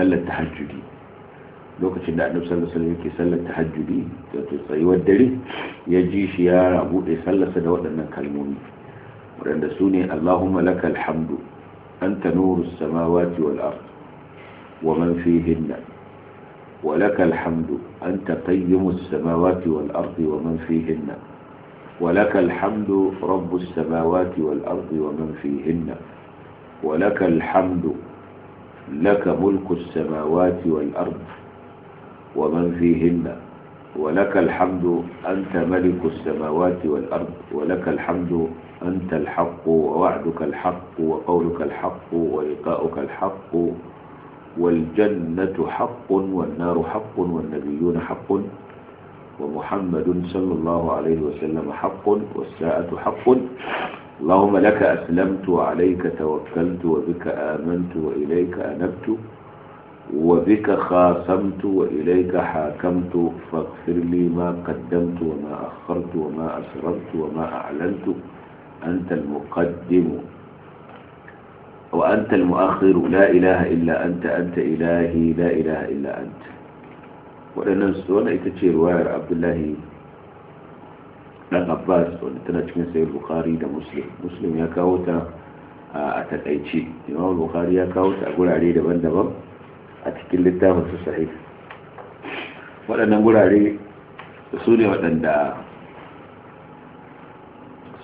sallar tahajjudi lokacin da annabi sallallahu alaihi wasallam yake sallar tahajjudi da tsayuwar dare ya ji shi ya bude sallarsa da waɗannan kalmomi waɗanda su ne Allahumma lakal hamdu anta nuru samawati wal ard wa man fihinna wa lakal hamdu anta qayyimus samawati wal ard wa man fihinna ولك wal رب wa man ومن فيهن ولك الحمد لك ملك السماوات والأرض ومن فيهن ولك الحمد أنت ملك السماوات والأرض ولك الحمد أنت الحق ووعدك الحق وقولك الحق ولقاؤك الحق والجنة حق والنار حق والنبيون حق ومحمد صلى الله عليه وسلم حق والساعة حق اللهم لك أسلمت وعليك توكلت وبك آمنت وإليك أنبت وبك خاصمت وإليك حاكمت فاغفر لي ما قدمت وما أخرت وما أسررت وما أعلنت أنت المقدم وأنت المؤخر لا إله إلا أنت أنت إلهي لا إله إلا أنت وأنا ita ce عبد الله dan abbas wanda tana cikin sayar bukari da muslim muslim ya kawo ta a takaici imam bukari ya kawo ta a gurare daban-daban a cikin littafin su sahih waɗannan gurare su ne waɗanda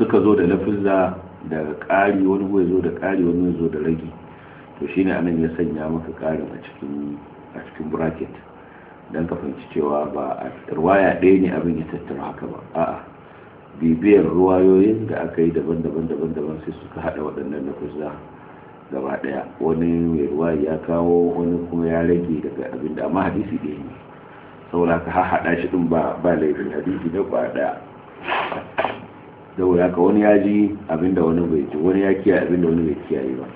suka zo da lafizza daga ƙari wani ya zo da ƙari wani ya zo da ragi to shine anan ya sanya maka ƙarin a cikin a cikin bracket don ka fahimci cewa ba a ruwaya ɗaya ne abin ya tattara haka ba a'a bibiyar ruwayoyin da aka yi daban-daban daban-daban sai suka hada waɗannan na kusa gaba daya wani mai ruwayi ya kawo wani kuma ya rage daga abin da amma hadisi ɗaya ne saboda ka haɗa shi ɗin ba ba laifin hadisi da ba daya saboda ka wani ya ji abin da wani bai ji wani ya kiyaye abin da wani bai kiyaye ba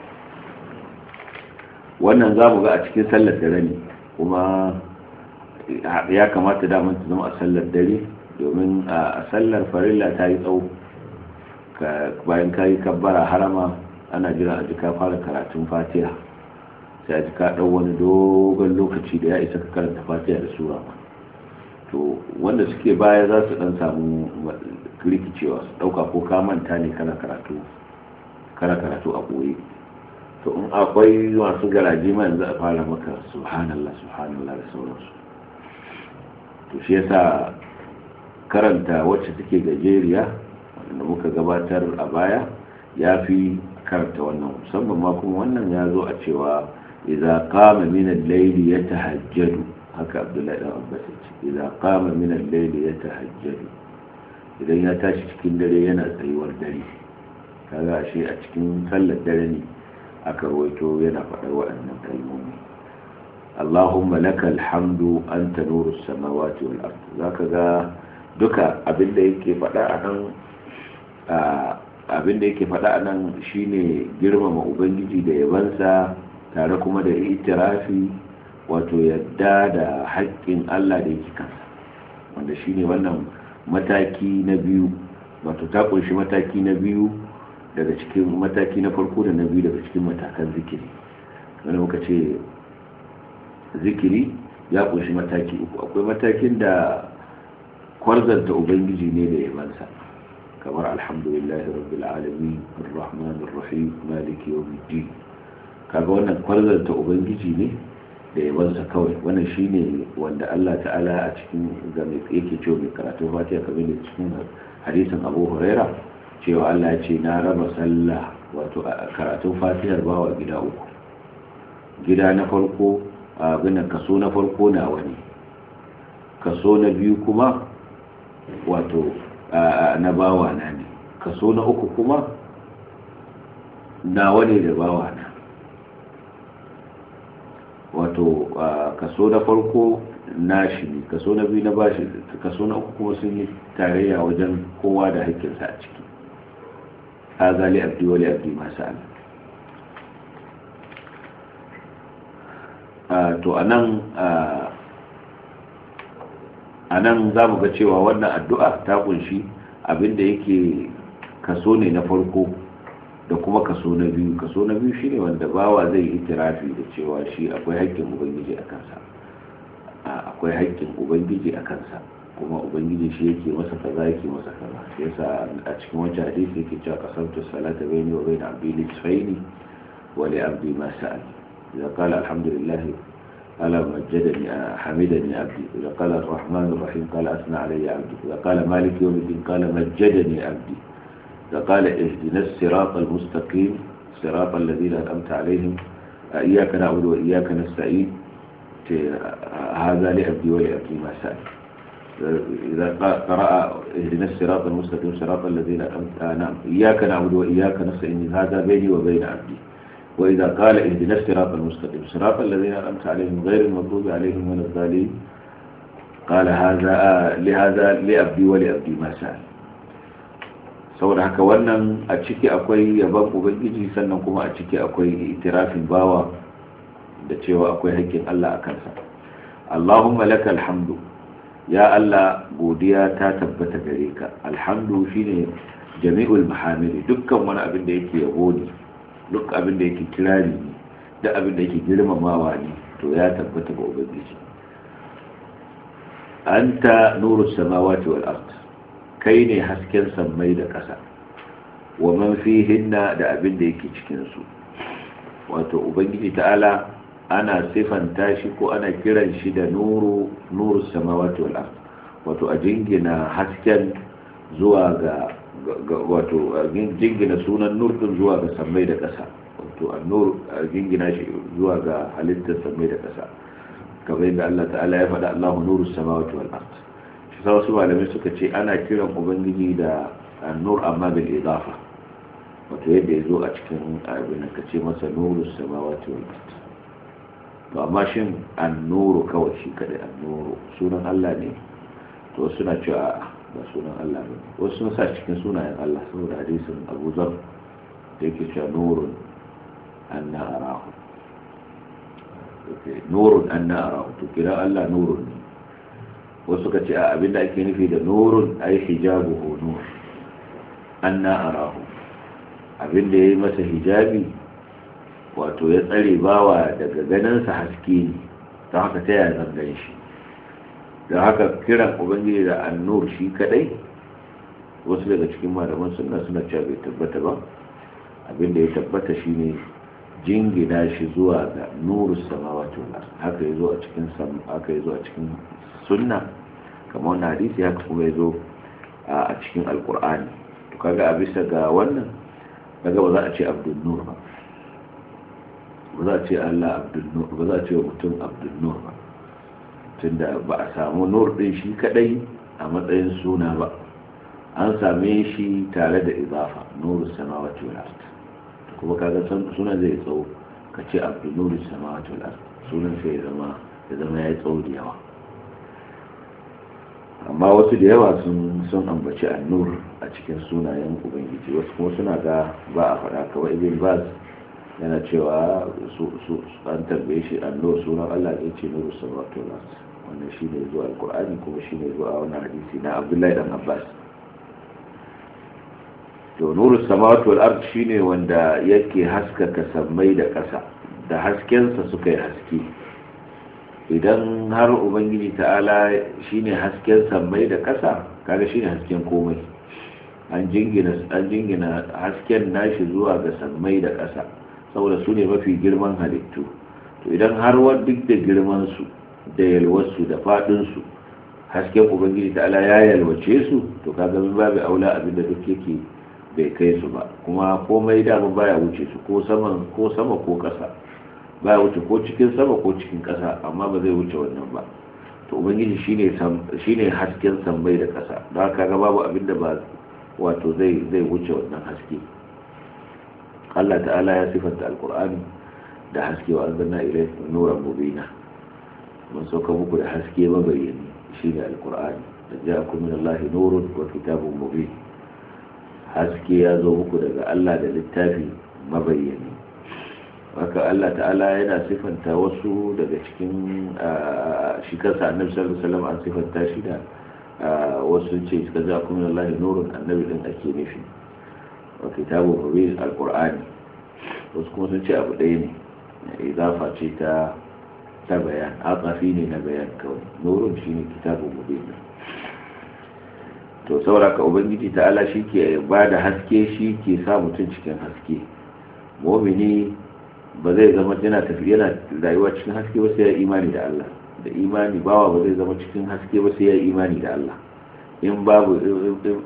wannan za mu ga a cikin sallar dare ne kuma ya kamata damar ta zama a sallar dare domin a sallar farilla ta yi tsawo bayan ka yi kabbara harama ana jira a jika fara karatun fatiha sai a jika ɗau wani dogon lokaci da ya isa ka karanta fatiha da sura to wanda suke baya za su ɗan samu rikicewa su ɗauka ko ka manta ne kana karatu a ɓoye to in akwai masu garaji ma yanzu a fara maka subhanallah subhanallah da sauransu to shi yasa karanta wacce take gajeriya wanda muka gabatar a baya ya fi karanta wannan musamman ma kuma wannan ya zo a cewa idza qama min al-layli yatahajjadu haka abdullahi dan abbas ce idza qama min al-layli yatahajjadu idan ya tashi cikin dare yana tsayuwar dare kaga shi a cikin sallar dare ne aka rawaito yana faɗar waɗannan kalmomi اللهم لك الحمد أنت نور السماوات والأرض ذاك ذا duka abin da yake faɗa a nan abinda yake fada a nan shine girmama ubangiji da yabansa tare kuma da itirafi wato yadda da haƙƙin allah da yake kansa wanda shine wannan mataki na biyu wato ta kunshi mataki na biyu daga cikin mataki na farko da na biyu daga cikin matakan zikiri wani muka ce zikiri ya kunshi mataki uku akwai matakin da kwarzanta ubangiji ne da yabansa kamar alhamdulillah rabbil alamin arrahman arrahim maliki yawmiddin kaga wannan kwarzanta ubangiji ne da yabansa kawai wannan shine wanda Allah ta'ala a cikin ga mai yake cewa mai karatu fatiha kamar da cikin hadisin Abu Huraira cewa Allah ya ce na raba sallah wato karatun ba bawa gida uku gida na farko abin kaso na farko na wani kaso na biyu kuma wato na bawa na ne kaso na uku kuma na wani da bawa na wato kaso na farko shi ne kaso na biyu na bashi kaso na uku kuma sun yi tarayya wajen kowa da haƙƙinsa a ciki ha zali abdi wali abdi masu ala to a nan anan za mu ga cewa wannan addu'a ta kunshi abin da yake kaso ne na farko da kuma kaso na biyu kaso na biyu shine wanda bawa zai yi tirafi da cewa shi akwai haƙƙin ubangiji a kansa akwai haƙƙin ubangiji a kansa kuma ubangiji shi yake masa kaza yake masa kaza shi yasa a cikin wancan hadisi yake cewa kasantu salata bayni wa bayna abdi nisfaini wa li abdi ma sa'al idza qala alhamdulillah قال مجدني حمدني عبدي إذا قال الرحمن الرحيم قال أثنى علي عبدي إذا قال مالك يوم الدين قال مجدني عبدي إذا قال اهدنا الصراط المستقيم صراط الذين أنعمت عليهم إياك نعبد وإياك نستعين هذا لعبدي ولعبدي ما سأل إذا قرأ اهدنا الصراط المستقيم صراط الذين أنعمت آه، نعم، إياك نعبد وإياك نستعين هذا بيني وبين عبدي وإذا قال اهدنا الصراط المستقيم صراط الذين أنعمت عليهم غير المغضوب عليهم ولا الضالين قال هذا لهذا لأبدي ولأبدي ما سأل saboda haka wannan a ciki akwai yabon ubangiji sannan kuma a ciki akwai itirafin bawa da cewa akwai hakkin Allah a kansa Allahumma laka alhamdu ya Allah godiya ta tabbata gare ka alhamdu shine jami'ul mahamidi dukkan wani abin da yake yabo ne duk abin da yake kirari ne duk abin da yake girmamawa ne to ya tabbata ga ubangiji anta nuru samawati wal ard kai ne hasken sammai da ƙasa wa man fihinna da abin da yake cikin su wato ubangiji ta'ala ana sifanta shi ko ana kiran shi da nuru nuru samawati wal ard wato a jingina hasken zuwa ga wato jingina sunan nur din zuwa ga sammai da ƙasa wato annur jingina shi zuwa ga halittar sammai da ƙasa kamar yadda Allah ta'ala ya faɗa Allahu nuru samawati wal ard shi sa wasu malamai suka ce ana kiran ubangiji da annur amma bil idafa wato yadda ya zo a cikin abin ka ce masa nuru samawati wal ard to amma shin annuru kawai shi kadai annuru sunan Allah ne to suna cewa ba sunan Allah ne wasu sun sa cikin sunayen Allah saboda hadisin Abu Zar da yake cewa nurun anna arahu nurun anna arahu to kira Allah nurun ne wasu ka ce a abin da ake nufi da nurun ai hijabuhu nur anna arahu ya yayi masa hijabi wato ya tsare bawa daga ganin sa haske ne ta haka ta yaya zan gan shi da haka kiran ubangiji da annur shi kadai wasu daga cikin malaman suna suna cewa bai tabbata ba abinda ya tabbata shine jingina shi zuwa ga nuru samawati wal haka yazo a cikin sam haka yazo a cikin sunna kamar wannan hadisi haka kuma yazo a cikin alqur'ani to kaga a bisa ga wannan kaga ba za a ce abdul nur ba ba za a ce Allah abdul nur ba za a ce mutum abdul nur ba tunda ba a samu nur din shi kaɗai a matsayin suna ba an same shi tare da izafa nuru samawati wal kuma kaga suna zai tsawo ka ce abu nuru samawati wal sunan sai ya zama ya zama tsawo da yawa amma wasu da yawa sun sun ambaci annur a cikin sunayen ubangiji wasu kuma suna ga ba a faɗa kawai ibn baz yana cewa su an tarbe shi allo sunan Allah ya ce nuru sarrafa nasu wanda shi ne zuwa alkur'ani kuma shi ne zuwa wani hadisi na abdullahi dan abbas to nuru samawati wal ard shine wanda yake haskaka sammai da ƙasa da haskensa suka yi haske idan har ubangiji ta'ala shine hasken sammai da ƙasa kaga shine hasken komai an jingina an jingina hasken nashi zuwa ga sammai da ƙasa saboda su ne mafi girman halittu to idan har wani duk da girman su da yalwarsu da faɗinsu hasken ubangiji ta ala ya yalwace su to kaga min babu aula abin da duk yake bai kai su ba kuma komai dama baya wuce su ko sama ko sama ko baya wuce ko cikin sama ko cikin kasa amma ba zai wuce wannan ba to ubangiji shine shine hasken sambai da kasa don haka ga babu abin da ba wato zai zai wuce wannan haske Allah ta'ala ya sifanta alkur'ani da haske wa anzalna ilaykum nura mubina mun sauka muku da haske mabayyani shine alkur'ani da ja'akum min Allah nurun wa kitabun mubin haske ya zo muku daga Allah da littafi mabayyani haka Allah ta'ala yana sifanta wasu daga cikin shi kansa annabi sallallahu alaihi wasallam an sifanta shi da wasu ce ka suka za kuma Allah nurun annabi din ake nufi wa kitabu mubin alqur'ani wasu kuma sun ce abu ɗaya ne fa ce ta ta bayan aqafi ne na bayan ka nurun shine kitabu mubin to ka ubangiji ala shi ke ba da haske shi ke sa mutum cikin haske mumini ba zai zama yana tafiya yana rayuwa cikin haske ba sai ya imani da Allah da imani bawa ba zai zama cikin haske ba sai ya imani da Allah in babu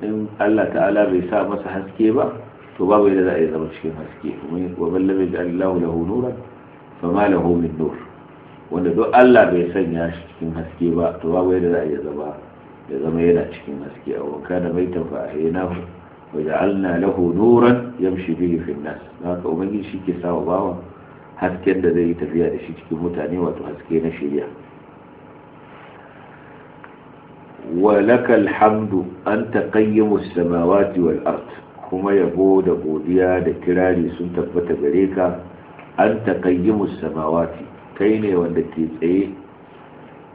in Allah ta'ala bai sa masa haske ba فباب إلى ذلك إذا رشك المسكي ومن لم يجعل الله له نورا فما له من نور وأن دو ألا بيسن ياشك المسكي فباب إلى ذلك إذا بقى إذا ما يلاشك أو كان ميتا فأحيناه وجعلنا له نورا يمشي به في الناس لذلك أمين شك ساوا باوا هسكين دا ذي تفياد شك متاني واتو هسكين شيئا ولك الحمد أن تقيم السماوات والأرض kuma yabo da godiya da kirari sun tabbata gare ka an taqayyimus samawati kai ne wanda ke tsaye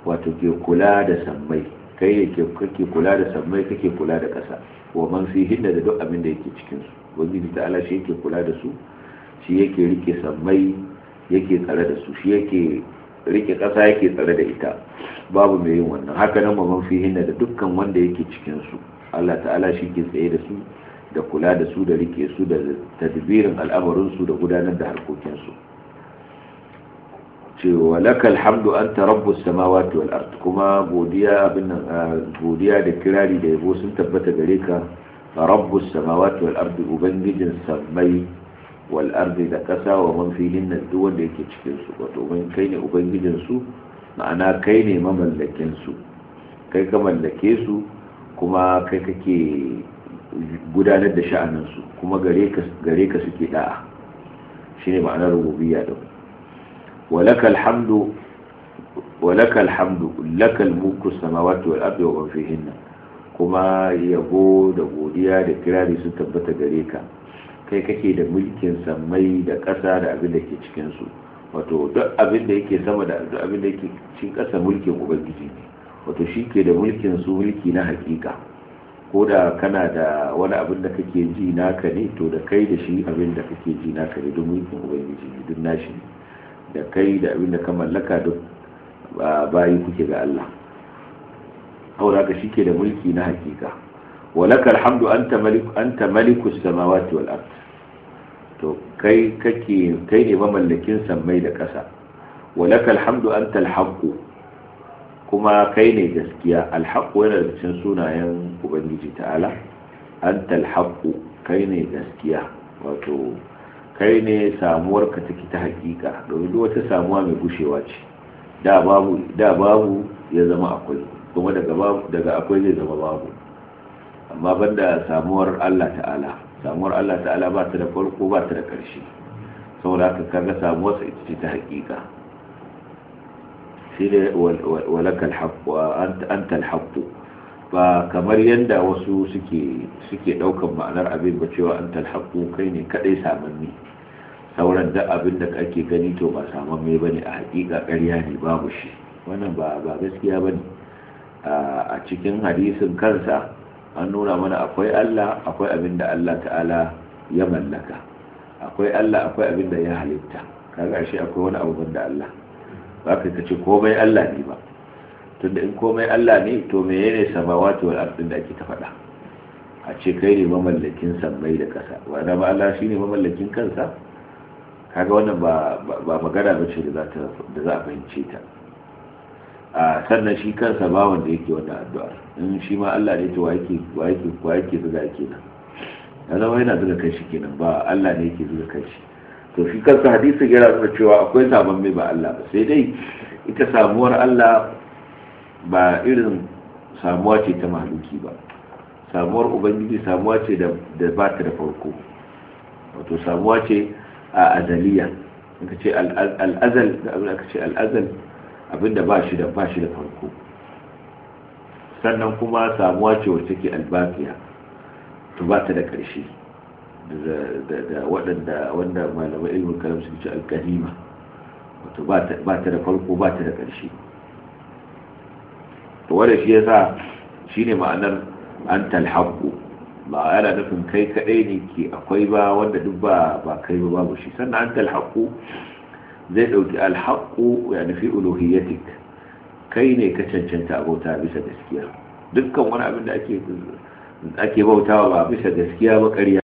wato ke kula da sammai kai ne ke kake kula da sammai kake kula da ƙasa wa man fi hinna da duk abin da yake cikin su ubangiji ta'ala shi yake kula da su shi yake rike sammai yake tsare da su shi yake rike ƙasa yake tsare da ita babu mai yin wannan haka nan wa man fi hinna da dukkan wanda yake cikin su Allah ta'ala shi ke tsaye da su da kula da su da rike su da tadbirin al'amarinsu da gudanar da harkokinsu cewa laka alhamdu an ta rabbus sama wal ard kuma godiya da kirari da yabo sun tabbata gare ka rabbus sama wal ard ubangijin sammai wal da kasa wa man fihin duk wanda yake cikinsu su wato kai ne ubangijinsu ma'ana kai ne mamallakin su kai ka mallake su kuma kai kake gudanar da sha'aninsu kuma gare ka suke da'a shi ne ma'anar rububiyya da walakal hamdu walakal hamdu lakal samawati wal ardi wa man fihinna kuma yabo da godiya da kirari sun tabbata gare ka kai kake da mulkin samai da ƙasa da abin da ke cikin su wato duk abin da yake sama da duk abin da yake cikin ƙasa mulkin ubangiji ne wato shi ke da mulkin su mulki na hakika ko da kana da wani abin da kake ji naka ne to da kai da shi abin da kake ji naka ne domin yin ubangiji ne duk nashi ne da kai da abin da ka mallaka duk bayi kuke ga Allah haura ka shi ke da mulki na hakika walakar hamdu anta malik anta malikus samawati wal ard to kai kake kai ne mamallakin sammai da ƙasa walakal hamdu anta al-haqqu kuma kai ne gaskiya alhaku yana da cin sunayen ubangiji ta'ala anta alhaku kai ne gaskiya wato kai ne samuwar ka take ta hakika domin duk wata samuwa mai gushewa ce da babu da babu ya zama akwai kuma daga babu daga akwai zai zama babu amma banda samuwar Allah ta'ala samuwar Allah ta'ala ba ta da farko ba ta da karshe saboda haka kaga samuwar sa ita ce ta hakika shi ne walakal anta antal haqqu ba kamar yadda wasu suke suke daukan ma'anar abin ba cewa antal haqqu kai ne kadai samanni sauran da abin da kake gani to ba samamme bane a hakika ƙarya ne babu shi wannan ba ba gaskiya bane a cikin hadisin kansa an nuna mana akwai Allah akwai abin da Allah ta'ala ya mallaka akwai Allah akwai abin da ya halitta kaga shi akwai wani abu da Allah ba ka ce komai Allah ne ba tunda in komai Allah ne to yene samawati wal ardin da ake ta faɗa a ce kai ne mamallakin sammai da ƙasa wa da ba Allah shine mamallakin kansa kaga wannan ba ba magana ba ce da za a fahimce ta a sannan shi kansa ba wanda yake wannan addu'ar in shi ma Allah ne to wa yake wa yake wa yake zuga kenan ya zama yana zuga kai shi kenan ba Allah ne yake zuga kai shi to shi kansa hadisi yana nuna cewa akwai sabon mai ba Allah ba sai dai ita samuwar Allah ba irin samuwa ce ta mahaluki ba samuwar ubangiji samuwa ce da ba ta da farko wato samuwa ce a azaliya aka ce al'azal da abin aka ce al'azal abinda ba shi da ba shi da farko sannan kuma samuwa ce wacce ke albafiya to ba ta da ƙarshe da waɗanda wanda malamai ilmin kalam suke ce alƙadima wato ba ta da farko ba ta da ƙarshe to wanda shi yasa ne ma'anar an talhaku ba yana nufin kai kaɗai ne ke akwai ba wanda duk ba ba kai ba babu shi sannan an talhaku zai ɗauki alhaku ya nufi uluhiyatik kai ne ka cancanta abota bisa gaskiya dukkan wani abin da ake bautawa ba bisa gaskiya ba ƙarya